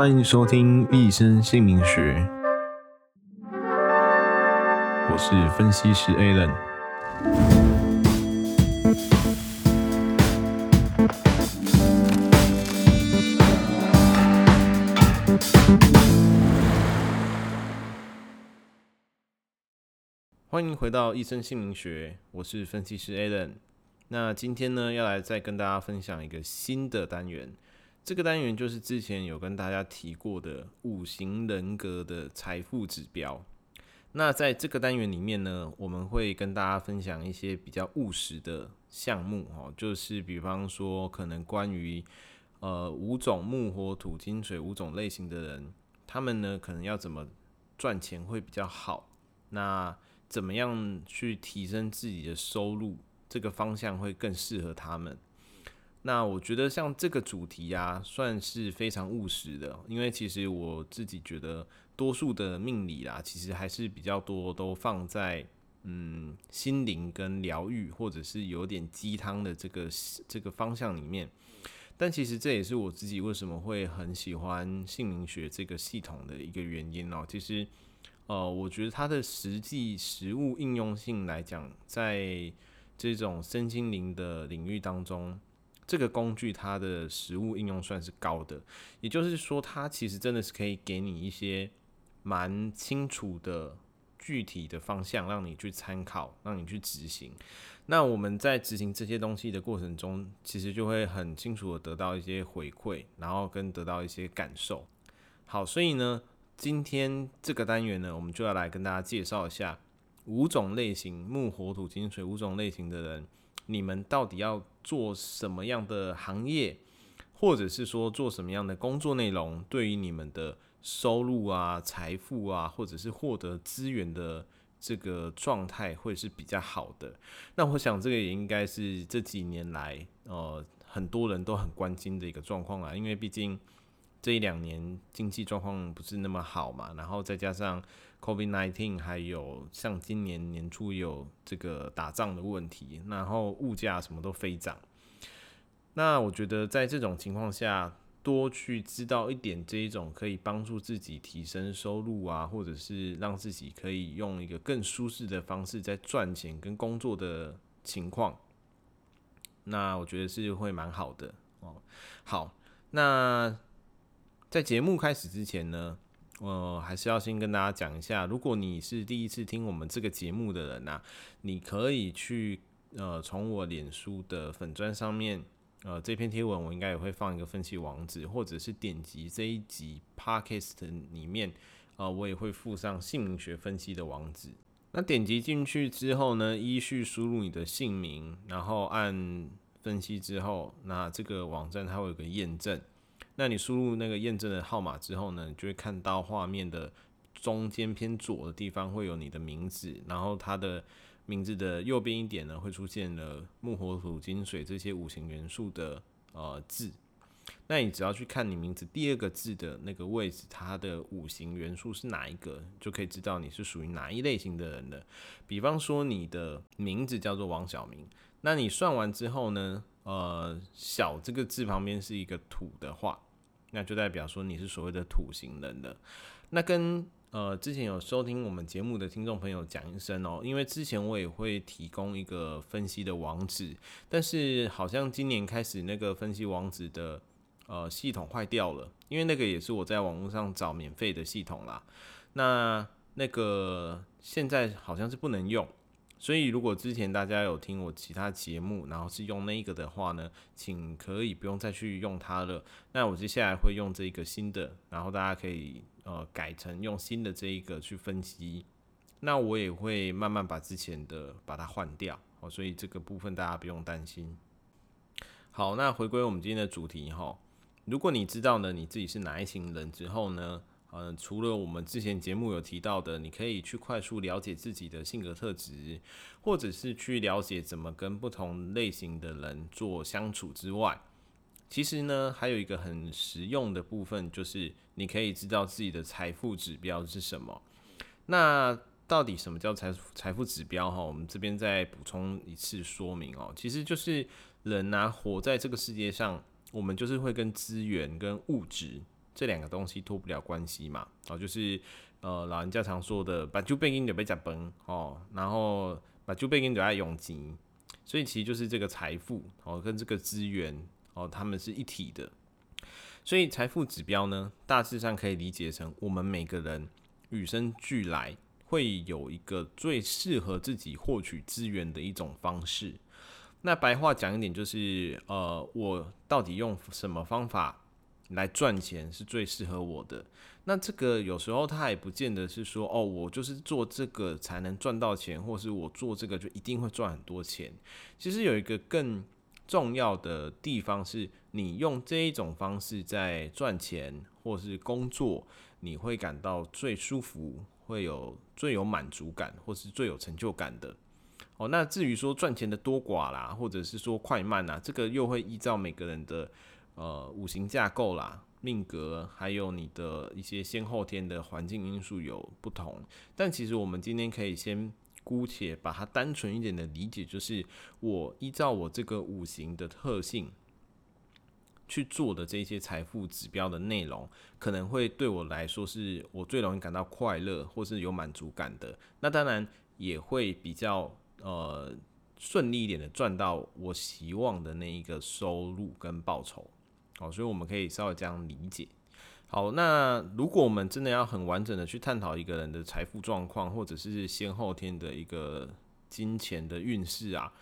歡迎收聽《一生姓名學》，我是分析師 Alan。歡迎回到《一生姓名學》，我是分析師 Alan。那今天呢，要來再跟大家分享一個新的單元。這個單元就是之前有跟大家提過的五行人格的財富指標。那在這個單元裡面呢，我們會跟大家分享一些比較務實的項目哦，就是比方說可能關於呃五種木火土金水五種類型的人，他們呢可能要怎麼賺錢會比較好，那怎麼樣去提升自己的收入，這個方向會更適合他們。那我覺得像這個主題啊，算是非常務實的，因為其實我自己覺得，多數的命理啦，其實還是比較多都放在嗯心靈跟療癒，或者是有點雞湯的這個這個方向裡面。但其實這也是我自己為什麼會很喜歡姓名學這個系統的一個原因哦、喔。其實呃，我覺得它的實際實物應用性來講，在這種身心靈的領域當中。這個工具它的實務應用算是高的，也就是說，它其實真的是可以給你一些蠻清楚的、具體的方向，讓你去參考，讓你去執行。那我們在執行這些東西的過程中，其實就會很清楚地得到一些回饋，然後跟得到一些感受。好，所以呢，今天這個單元呢，我們就要來跟大家介紹一下五種類型：木、火、土、金、水五種類型的人。你們到底要做什麼樣的行業，或者是說做什麼樣的工作內容，對於你們的收入啊、財富啊，或者是獲得資源的這個狀態，會是比較好的？那我想這個也應該是這幾年來，呃，很多人都很關心的一個狀況啊，因為畢竟這一兩年經濟狀況不是那麼好嘛，然後再加上。COVID-19，還有像今年年初有這個打仗的問題，然後物價什麼都飛漲。那我覺得在這種情況下，多去知道一點這一種可以幫助自己提升收入啊，或者是讓自己可以用一個更舒適的方式在賺錢跟工作的情況，那我覺得是會蠻好的哦。好，那在節目開始之前呢，呃，還是要先跟大家講一下，如果你是第一次聽我們這個節目的人吶、啊，你可以去呃從我臉書的粉專上面，呃這篇貼文我應該也會放一個分析網址，或者是點擊這一集 podcast 裡面，呃我也會附上姓名學分析的網址。那點擊進去之後呢，依序輸入你的姓名，然後按分析之後，那這個網站它會有個驗證。那你輸入那個驗證的號碼之後呢，你就會看到畫面的中間偏左的地方會有你的名字，然後它的名字的右邊一點呢，會出現了木、火、土、金、水這些五行元素的呃字。那你只要去看你名字第二個字的那個位置，它的五行元素是哪一個，就可以知道你是屬於哪一類型的人的。比方說你的名字叫做王小明，那你算完之後呢，呃，小這個字旁邊是一個土的話。那就代表說你是所謂的土型人的，那跟呃之前有收聽我們節目的聽眾朋友講一聲哦、喔，因為之前我也會提供一個分析的網址，但是好像今年開始那個分析網址的呃系統壞掉了，因為那個也是我在網絡上找免費的系統啦，那那個現在好像是不能用。所以，如果之前大家有聽我其他節目，然後是用那個的話呢，請可以不用再去用它了。那我接下來會用這個新的，然後大家可以呃改成用新的這一個去分析。那我也會慢慢把之前的把它換掉。所以這個部分大家不用擔心。好，那回歸我們今天的主題齁，如果你知道呢你自己是哪一型人之後呢？呃、嗯，除了我們之前節目有提到的，你可以去快速了解自己的性格特質，或者是去了解怎麼跟不同類型的人做相處之外，其實呢，還有一個很實用的部分，就是你可以知道自己的財富指標是什麼。那到底什麼叫財財富指標？哈，我們這邊再補充一次說明哦。其實就是人啊，活在這個世界上，我們就是會跟資源跟物質。這兩個東西脫不了關係嘛？哦，就是呃，老人家常說的把舊背給你被備崩哦，然後把舊背給你留愛永吉，所以其實就是這個財富哦跟這個資源哦，它們是一體的。所以財富指標呢，大致上可以理解成我們每個人與生俱來會有一個最適合自己獲取資源的一種方式。那白話講一點就是，呃，我到底用什麼方法，來賺錢是最適合我的。那這個有時候他也不見得是說哦，我就是做這個才能賺到錢，或是我做這個就一定會賺很多錢。其實有一個更重要的地方是，你用這一種方式在賺錢或是工作，你會感到最舒服，會有最有滿足感，或是最有成就感的。哦，那至於說賺錢的多寡啦，或者是說快慢啦，這個又會依照每個人的。呃，五行架構啦，命格，還有你的一些先後天的環境因素有不同。但其實我們今天可以先姑且把它單純一點的理解，就是我依照我這個五行的特性去做的這些財富指標的內容，可能會對我來說是我最容易感到快樂或是有滿足感的。那當然也會比較呃順利一點的賺到我希望的那一個收入跟報酬。好，所以我們可以稍微這樣理解。好，那如果我們真的要很完整的去探討一個人的財富狀況，或者是先後天的一個金錢的運勢啊，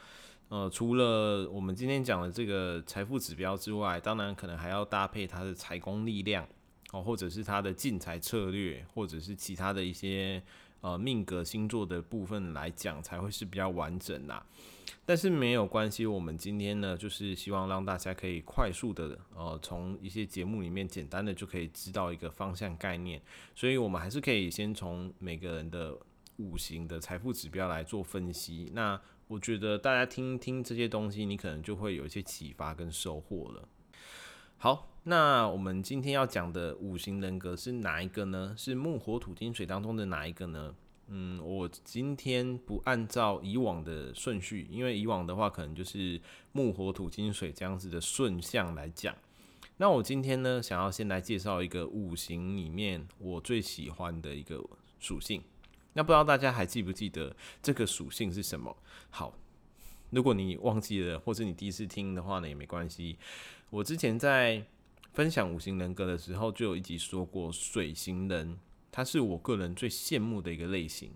呃，除了我們今天講的這個財富指標之外，當然可能還要搭配他的財宮力量，哦，或者是他的進財策略，或者是其他的一些。呃，命格星座的部分來講才會是比較完整啦。但是沒有關係，我們今天呢，就是希望讓大家可以快速的，呃，從一些節目裡面簡單的就可以知道一個方向概念，所以我們還是可以先從每個人的五行的財富指標來做分析。那我覺得大家聽聽這些東西，你可能就會有一些啟發跟收穫了。好，那我們今天要講的五行人格是哪一個呢？是木火土金水當中的哪一個呢？嗯，我今天不按照以往的順序，因為以往的話可能就是木火土金水這樣子的順向來講。那我今天呢，想要先來介紹一個五行裡面我最喜歡的一個屬性。那不知道大家還記不記得這個屬性是什麼？好，如果你忘記了，或是你第一次聽的話呢，也沒關係。我之前在分享五行人格的時候，就有一集說過水型人，水型人他是我個人最羨慕的一個類型。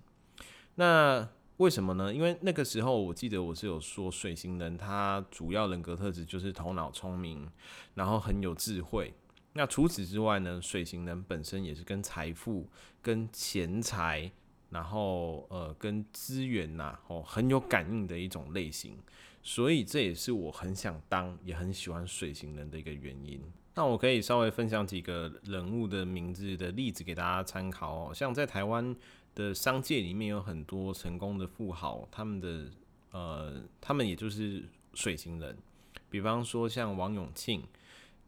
那為什麼呢？因為那個時候我記得我是有說水型人，水型人他主要人格特質就是頭腦聰明，然後很有智慧。那除此之外呢，水型人本身也是跟財富、跟錢財。然後呃，跟資源呐、啊，哦，很有感應的一種類型，所以這也是我很想當，也很喜歡水型人的一個原因。那我可以稍微分享幾個人物的名字的例子給大家參考哦，像在台灣的商界裡面有很多成功的富豪，他們的呃，他們也就是水型人，比方說像王永慶，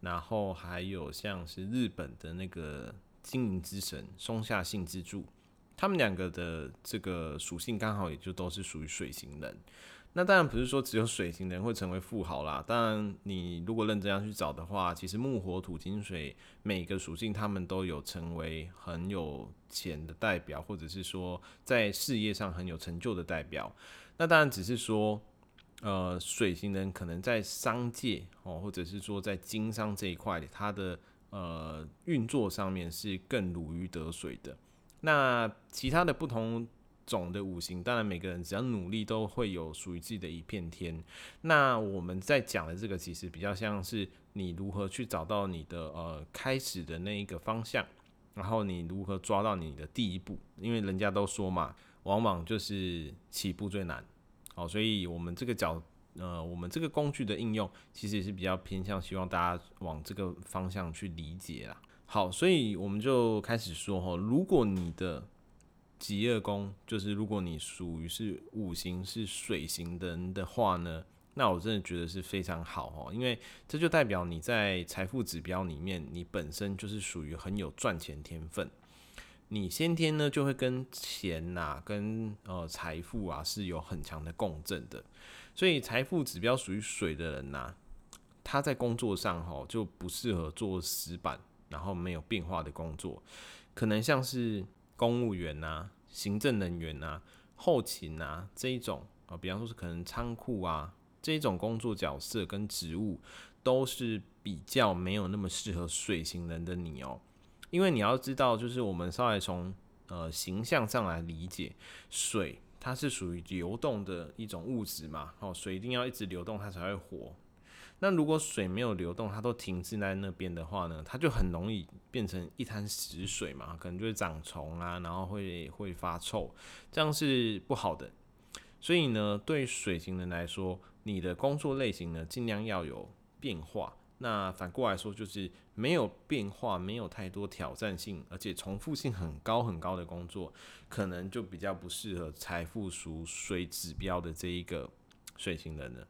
然後還有像是日本的那個經營之神松下幸之助。他們兩個的這個屬性剛好也就都是屬於水型人，那當然不是說只有水型人會成為富豪啦。當然，你如果認真要去找的話，其實木、火、土、金、水每個屬性，他們都有成為很有錢的代表，或者是說在事業上很有成就的代表。那當然只是說，呃，水型人可能在商界哦，或者是說在經商這一塊，他的呃運作上面是更如魚得水的。那其他的不同種的五行，當然每個人只要努力都會有屬於自己的一片天。那我們在講的這個，其實比較像是你如何去找到你的呃開始的那一個方向，然後你如何抓到你的第一步，因為人家都說嘛，往往就是起步最難。哦。所以我們這個角呃，我們這個工具的應用，其實也是比較偏向希望大家往這個方向去理解啦。好，所以我們就開始說哈，如果你的疾厄宮，就是如果你屬於是五行是水型的人的話呢，那我真的覺得是非常好哦，因為這就代表你在財富指標裡面，你本身就是屬於很有賺錢天分，你先天呢就會跟錢吶、啊，跟呃財富啊是有很強的共振的，所以財富指標屬於水的人吶、啊，他在工作上哈就不適合做死板，然後沒有變化的工作，可能像是公務員吶、啊、行政人員吶、啊、後勤吶、啊、這一種啊，比方說是可能倉庫啊這一種工作角色跟職務，都是比較沒有那麼適合水型人的你哦。因為你要知道，就是我們稍微從呃形象上來理解，水它是屬於流動的一種物質嘛，哦，水一定要一直流動它才會活。那如果水沒有流動，它都停滯在那邊的話呢，它就很容易變成一灘死水嘛，可能就會長蟲啊，然後會會發臭，這樣是不好的。所以呢，對水型人來說，你的工作類型呢，盡量要有變化。那反過來說，就是沒有變化，沒有太多挑戰性，而且重複性很高很高的工作，可能就比較不適合財富屬水指標的這一個水型人呢。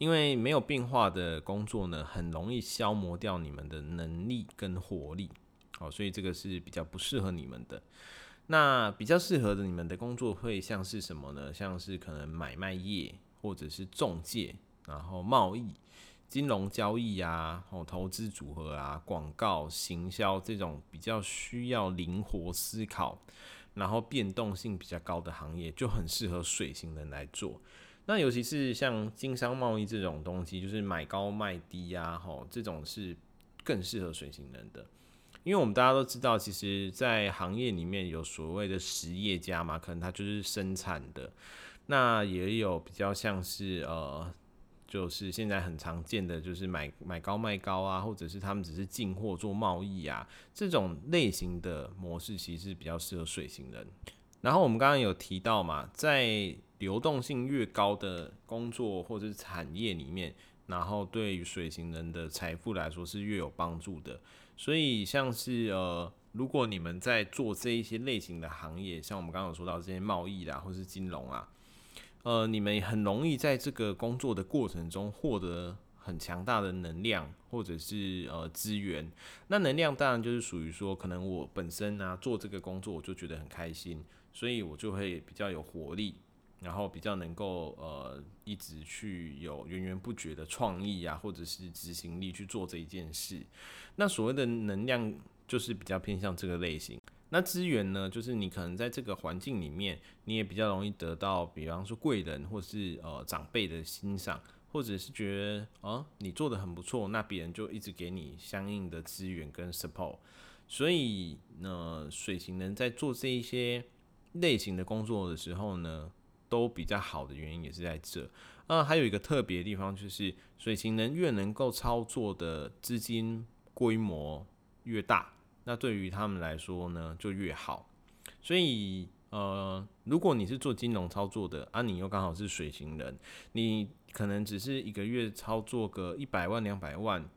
因為沒有變化的工作呢，很容易消磨掉你們的能力跟活力，好，所以這個是比較不適合你們的。那比較適合的你們的工作會像是什麼呢？像是可能買賣業或者是中介，然後貿易、金融交易啊，投資組合啊，廣告行銷這種比較需要靈活思考，然後變動性比較高的行業，就很適合水型人來做。那尤其是像經商貿易這種東西，就是買高賣低呀、啊，吼，這種是更適合水型人的，因為我們大家都知道，其實，在行業裡面有所謂的實業家嘛，可能他就是生產的，那也有比較像是呃，就是現在很常見的，就是買買高賣高啊，或者是他們只是進貨做貿易啊，這種類型的模式其實是比較適合水型人。然後我們剛剛有提到嘛，在流動性越高的工作或者是產業裡面，然後對於水型人的財富來說是越有幫助的。所以，像是呃，如果你們在做這一些類型的行業，像我們剛剛有說到這些貿易啦，或是金融啊，呃，你們很容易在這個工作的過程中獲得很強大的能量，或者是呃資源。那能量當然就是屬於說，可能我本身呢、啊、做這個工作，我就覺得很開心，所以我就會比較有活力。然後比較能夠呃一直去有源源不絕的創意啊，或者是執行力去做這一件事，那所謂的能量就是比較偏向這個類型。那資源呢，就是你可能在這個環境裡面，你也比較容易得到，比方說貴人或是呃長輩的欣賞，或者是覺得啊你做得很不錯，那別人就一直給你相應的資源跟 support。所以呢、呃，水型人在做這一些類型的工作的時候呢。都比較好的原因也是在這。那、啊、還有一個特別的地方，就是水型人越能夠操作的資金規模越大，那對於他們來說呢，就越好。所以呃，如果你是做金融操作的啊，你又剛好是水型人，你可能只是一個月操作個一百萬兩百萬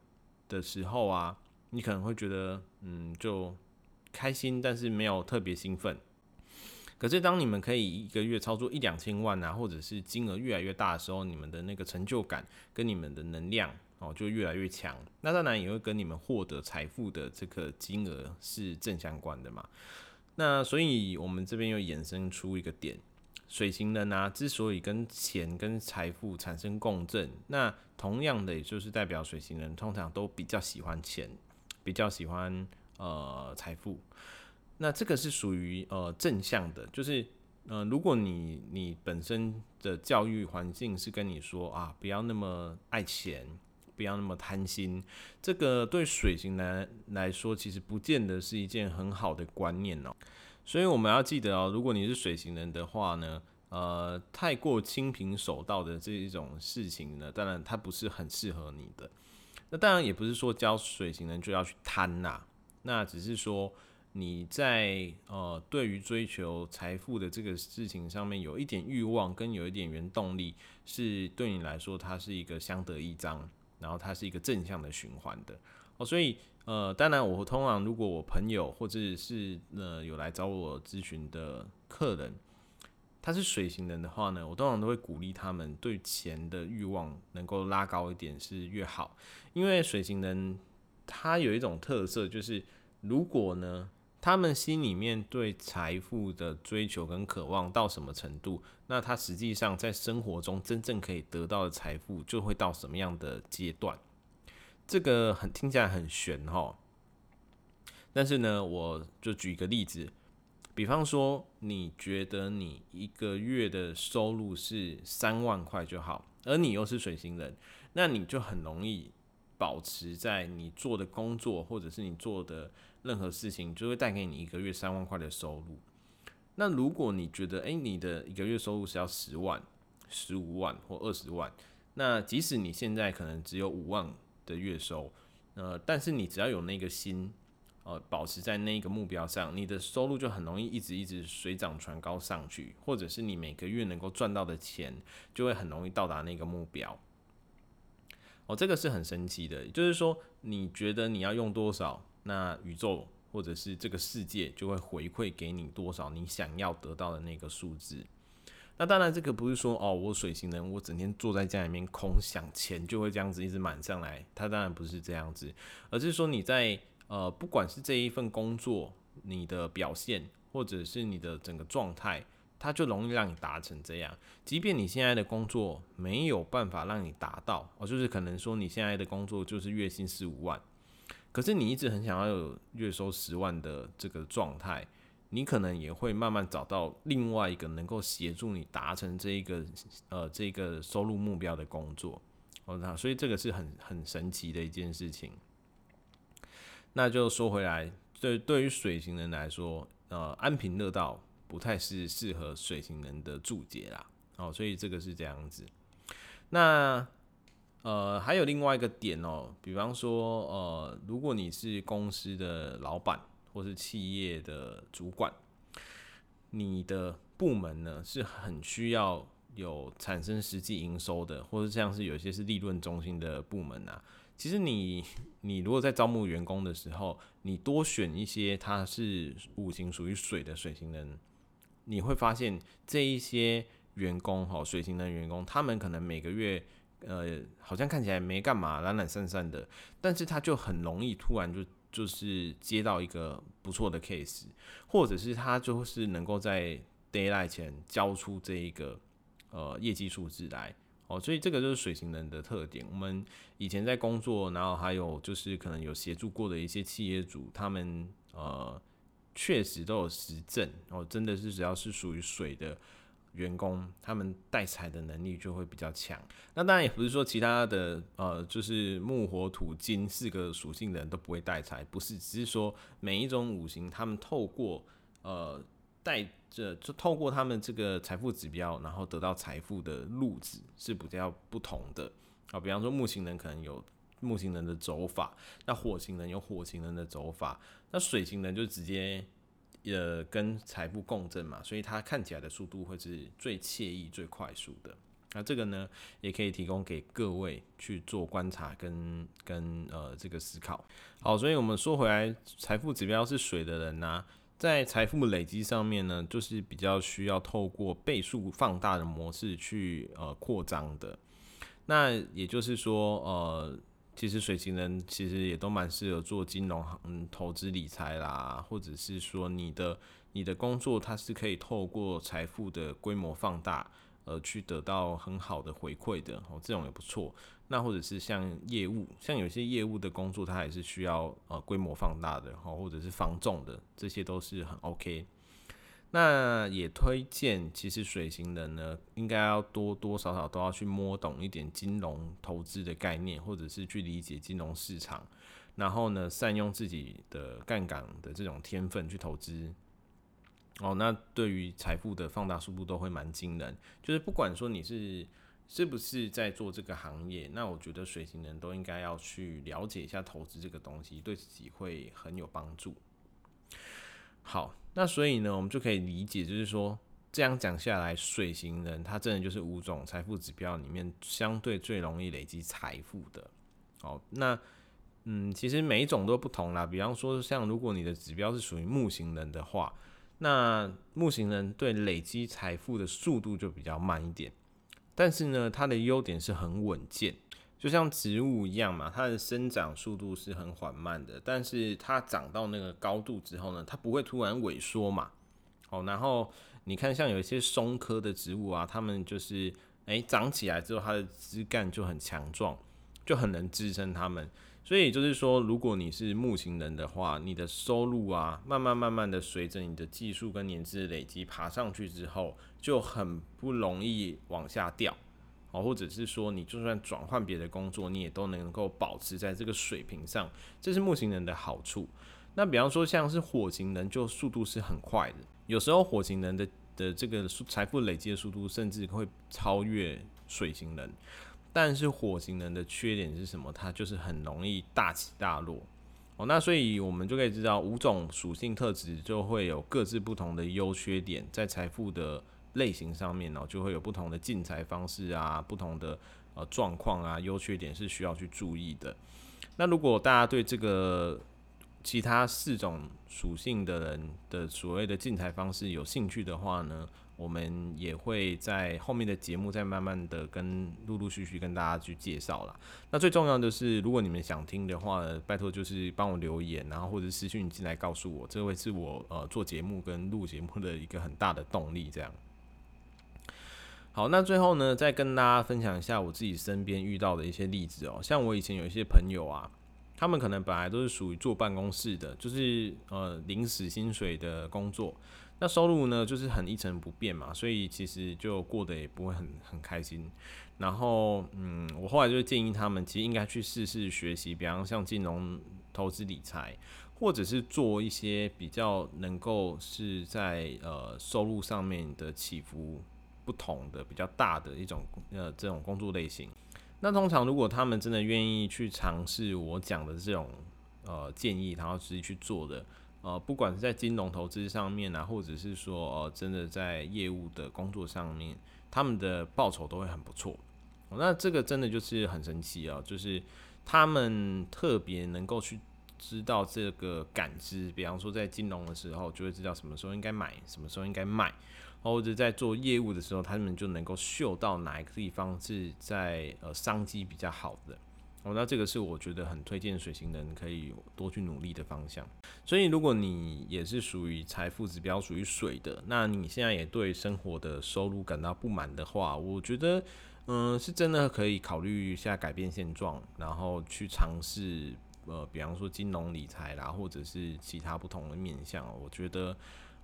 的時候啊，你可能會覺得嗯，就開心，但是沒有特別興奮。可是當你們可以一個月操作一兩千萬啊，或者是金額越來越大的時候，你們的那個成就感跟你們的能量哦，就越來越強。那當然也會跟你們獲得財富的這個金額是正相關的嘛。那所以，我們這邊又衍生出一個點：水型人啊，之所以跟錢跟財富產生共振，那同樣的，也就是代表水型人通常都比較喜歡錢，比較喜歡呃財富。那這個是屬於呃正向的，就是呃，如果你你本身的教育環境是跟你說啊，不要那麼愛錢，不要那麼貪心，這個對水型人來說，其實不見得是一件很好的觀念哦。所以我們要記得哦，如果你是水型人的話呢，呃，太過清貧守道的這一種事情呢，當然它不是很適合你的。那當然也不是說教水型人就要去貪吶，那只是說。你在呃，對於追求財富的這個事情上面，有一點慾望跟有一點原動力，是對你來說，它是一個相得益彰，然後它是一個正向的循環的哦。所以呃，當然我通常如果我朋友或者是呢、呃、有來找我諮詢的客人，他是水型人的話呢，我通常都會鼓勵他們對錢的慾望能夠拉高一點是越好，因為水型人他有一種特色，就是如果呢。他們心裡面對財富的追求跟渴望到什麼程度，那他實際上在生活中真正可以得到的財富就會到什麼樣的階段。這個很聽起來很玄哦。但是呢，我就舉一個例子，比方說你覺得你一個月的收入是三萬塊就好，而你又是水型人，那你就很容易。保持在你做的工作或者是你做的任何事情，就會帶給你一個月三萬塊的收入。那如果你覺得，誒，你的一個月收入是要十萬、十五萬或二十萬，那即使你現在可能只有五萬的月收，呃，但是你只要有那個心，呃，保持在那個目標上，你的收入就很容易一直一直水漲船高上去，或者是你每個月能夠賺到的錢，就會很容易到達那個目標。哦，這個是很神奇的，就是說，你覺得你要用多少，那宇宙或者是這個世界就會回饋給你多少你想要得到的那個數字。那當然，這個不是說哦，我水型人，我整天坐在家裡面空想錢就會這樣子一直滿上來，它當然不是這樣子，而是說你在呃，不管是這一份工作，你的表現，或者是你的整個狀態。他就容易讓你達成這樣，即便你現在的工作沒有辦法讓你達到，哦，就是可能說你現在的工作就是月薪四五萬，可是你一直很想要有月收十萬的這個狀態，你可能也會慢慢找到另外一個能夠協助你達成這一個，呃，這個收入目標的工作，哦，那所以這個是很很神奇的一件事情。那就說回來，對對於水型人來說，呃，安貧樂道。不太是適合水型人的注解啦，哦，所以這個是這樣子。那呃，還有另外一個點哦、喔，比方說，呃，如果你是公司的老闆或是企業的主管，你的部門呢是很需要有產生實際營收的，或是像是有些是利潤中心的部門啊，其實你你如果在招募員工的時候，你多選一些他是五行屬於水的水型人，你會發現這一些員工哈、喔，水型的員工，他們可能每個月，呃，好像看起來沒幹嘛，懶懶散散的，但是他就很容易突然就就是接到一個不錯的 case，或者是他就是能夠在 daylight 前交出這一個呃業績數字來，哦、喔，所以這個就是水型人的特點。我們以前在工作，然後還有就是可能有協助過的一些企業主，他們呃。確實都有實證哦，真的是只要是屬於水的員工，他們帶財的能力就會比較強。那當然也不是說其他的呃，就是木火土金四個屬性的人都不會帶財，不是，只是說每一種五行，他們透過呃帶着就透過他們這個財富指標，然後得到財富的路子是比較不同的啊、哦。比方說木型人可能有。木型人的走法，那火型人有火型人的走法，那水型人就直接呃跟財富共振嘛，所以它看起來的速度會是最愜意、最快速的。那這個呢，也可以提供給各位去做觀察跟跟呃這個思考。好，所以我們說回來，財富指標是水的人呢、啊，在財富累積上面呢，就是比較需要透過倍數放大的模式去呃擴張的。那也就是說，呃。其實水型人其實也都蠻適合做金融嗯，投資理財啦，或者是說你的你的工作它是可以透過財富的規模放大，而去得到很好的回饋的，哦、喔，這種也不錯。那或者是像業務，像有些業務的工作，它也是需要呃規模放大的，後、喔、或者是防重的，這些都是很 OK。那也推薦，其實水型人呢，應該要多多少少都要去摸懂一點金融投資的概念，或者是去理解金融市場，然後呢，善用自己的槓桿的這種天分去投資。哦，那對於財富的放大速度都會蠻驚人。就是不管說你是是不是在做這個行業，那我覺得水型人都應該要去了解一下投資這個東西，對自己會很有幫助。好。那所以呢，我們就可以理解，就是說這樣講下來，水型人他真的就是五種財富指標裡面相對最容易累積財富的。好，那嗯，其實每一種都不同啦。比方說，像如果你的指標是屬於木型人的話，那木型人對累積財富的速度就比較慢一點，但是呢，它的優點是很穩健。就像植物一樣嘛，它的生長速度是很緩慢的，但是它長到那個高度之後呢，它不會突然萎縮嘛。哦，然後你看，像有一些松科的植物啊，它們就是，哎、欸，長起來之後，它的枝幹就很強壯，就很能支撐它們。所以就是說，如果你是木型人的話，你的收入啊，慢慢慢慢的隨着你的技術跟年資累積爬上去之後，就很不容易往下掉。哦，或者是說，你就算轉換別的工作，你也都能夠保持在這個水平上，這是木型人的好處。那比方說像是火型人，就速度是很快的，有時候火型人的的這個財富累積的速度甚至會超越水型人。但是火型人的缺點是什麼？它就是很容易大起大落。哦，那所以我們就可以知道五種屬性特質就會有各自不同的優缺點，在財富的，類型上面呢、喔，就會有不同的進財方式啊，不同的呃狀況啊，優缺點是需要去注意的。那如果大家對這個其他四種屬性的人的所謂的進財方式有興趣的話呢，我們也會在後面的節目再慢慢的跟陸陸續續跟大家去介紹啦。那最重要的是，如果你們想聽的話呢，拜託就是幫我留言，然後或者是私訊進來告訴我，這會是我呃做節目跟錄節目的一個很大的動力，這樣。好，那最後呢，再跟大家分享一下我自己身邊遇到的一些例子哦、喔。像我以前有一些朋友啊，他們可能本來都是屬於坐辦公室的，就是呃領死薪水的工作，那收入呢，就是很一成不變嘛，所以其實就過得也不會很很開心。然後，嗯，我後來就建議他們，其實應該去試試學習，比方像金融、投資、理財，或者是做一些比較能夠是在呃收入上面的起伏。不同的比較大的一種呃這種工作類型，那通常如果他們真的願意去嘗試我講的這種呃建議，然後直接去做的，呃，不管是在金融投資上面啊，或者是說、呃、真的在業務的工作上面，他們的報酬都會很不錯、哦。那這個真的就是很神奇啊、哦，就是他們特別能夠去知道這個感知，比方說在金融的時候，就會知道什麼時候應該買，什麼時候應該賣。或者在做業務的時候，他們就能夠嗅到哪一個地方是在呃商機比較好的。哦，那這個是我覺得很推薦水型人可以多去努力的方向。所以，如果你也是屬於財富指標屬於水的，那你現在也對生活的收入感到不滿的話，我覺得嗯，是真的可以考慮一下改變現狀，然後去嘗試呃，比方說金融理財啦，或者是其他不同的面向。我覺得。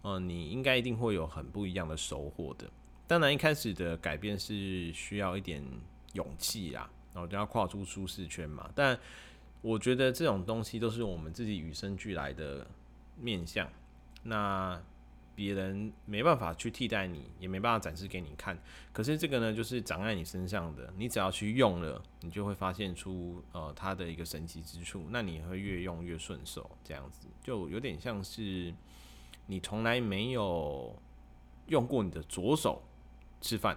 嗯，呃、你應該一定會有很不一樣的收穫的。當然，一開始的改變是需要一點勇氣啦，然後就要跨出舒適圈嘛。但我覺得這種東西都是我們自己與生俱來的面相，那別人沒辦法去替代你，也沒辦法展示給你看。可是這個呢，就是長在你身上的，你只要去用了，你就會發現出呃，它的一個神奇之處。那你會越用越順手，這樣子就有點像是。你從來沒有用過你的左手吃飯，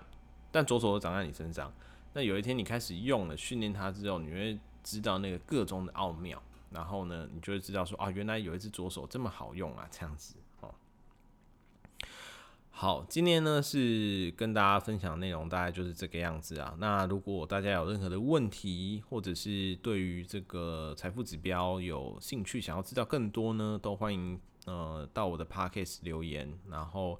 但左手都長在你身上。那有一天你開始用了，訓練它之後，你會知道那個個中的奧妙。然後呢，你就會知道說啊，原來有一只左手這麼好用啊，這樣子哦。好，今天呢是跟大家分享的內容，大概就是這個樣子啊。那如果大家有任何的問題，或者是對於這個財富指標有興趣，想要知道更多呢，都歡迎。呃，到我的 podcast 留言，然後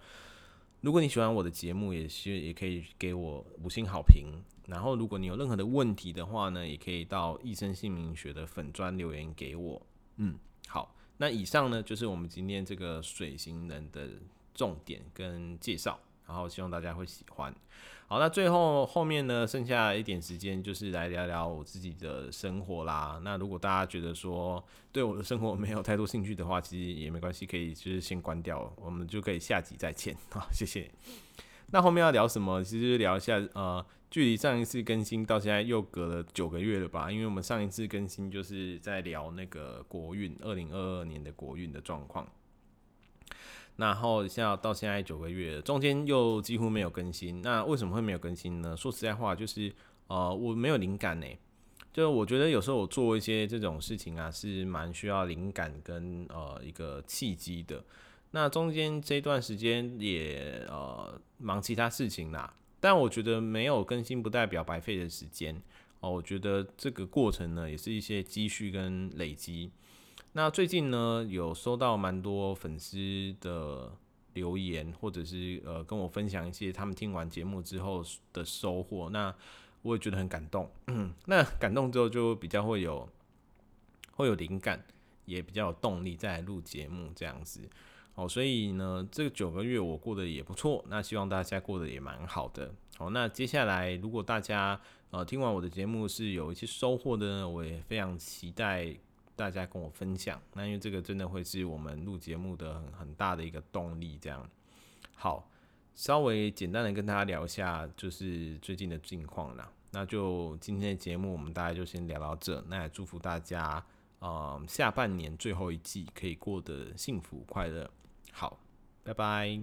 如果你喜歡我的節目，也是也可以給我五星好評。然後如果你有任何的問題的話呢，也可以到益生姓名學的粉專留言給我。嗯，好，那以上呢就是我們今天這個水型人的重點跟介紹，然後希望大家會喜歡。好，那最後後面呢，剩下一點時間就是來聊聊我自己的生活啦。那如果大家覺得說對我的生活沒有太多興趣的話，其實也沒關係，可以就是先關掉，我們就可以下集再見。好，謝謝。那後面要聊什麼？其實聊一下呃，距離上一次更新到現在又隔了九個月了吧？因為我們上一次更新就是在聊那個國運，二零二二年的國運的狀況。然後像到現在九個月，中間又幾乎沒有更新。那為什麼會沒有更新呢？說實在話，就是呃，我沒有靈感呢、欸。就我覺得有時候我做一些這種事情啊，是蠻需要靈感跟呃一個契機的。那中間這段時間也呃忙其他事情啦，但我覺得沒有更新不代表白費的時間哦、呃。我覺得這個過程呢，也是一些積蓄跟累積。那最近呢，有收到蠻多粉絲的留言，或者是呃跟我分享一些他們聽完節目之後的收穫。那我也覺得很感動、嗯。那感動之後就比較會有會有靈感，也比較有動力再來錄節目這樣子。哦，所以呢，這九個月我過得也不錯。那希望大家過得也蠻好的。好、哦，那接下來如果大家呃聽完我的節目是有一些收穫的呢，我也非常期待。大家跟我分享，那因為這個真的會是我們錄節目的很很大的一個動力。這樣，好，稍微簡單的跟大家聊一下，就是最近的近況了。那就今天的節目，我們大概就先聊到這。那也祝福大家，嗯、呃，下半年最後一季可以過得幸福快樂。好，拜拜。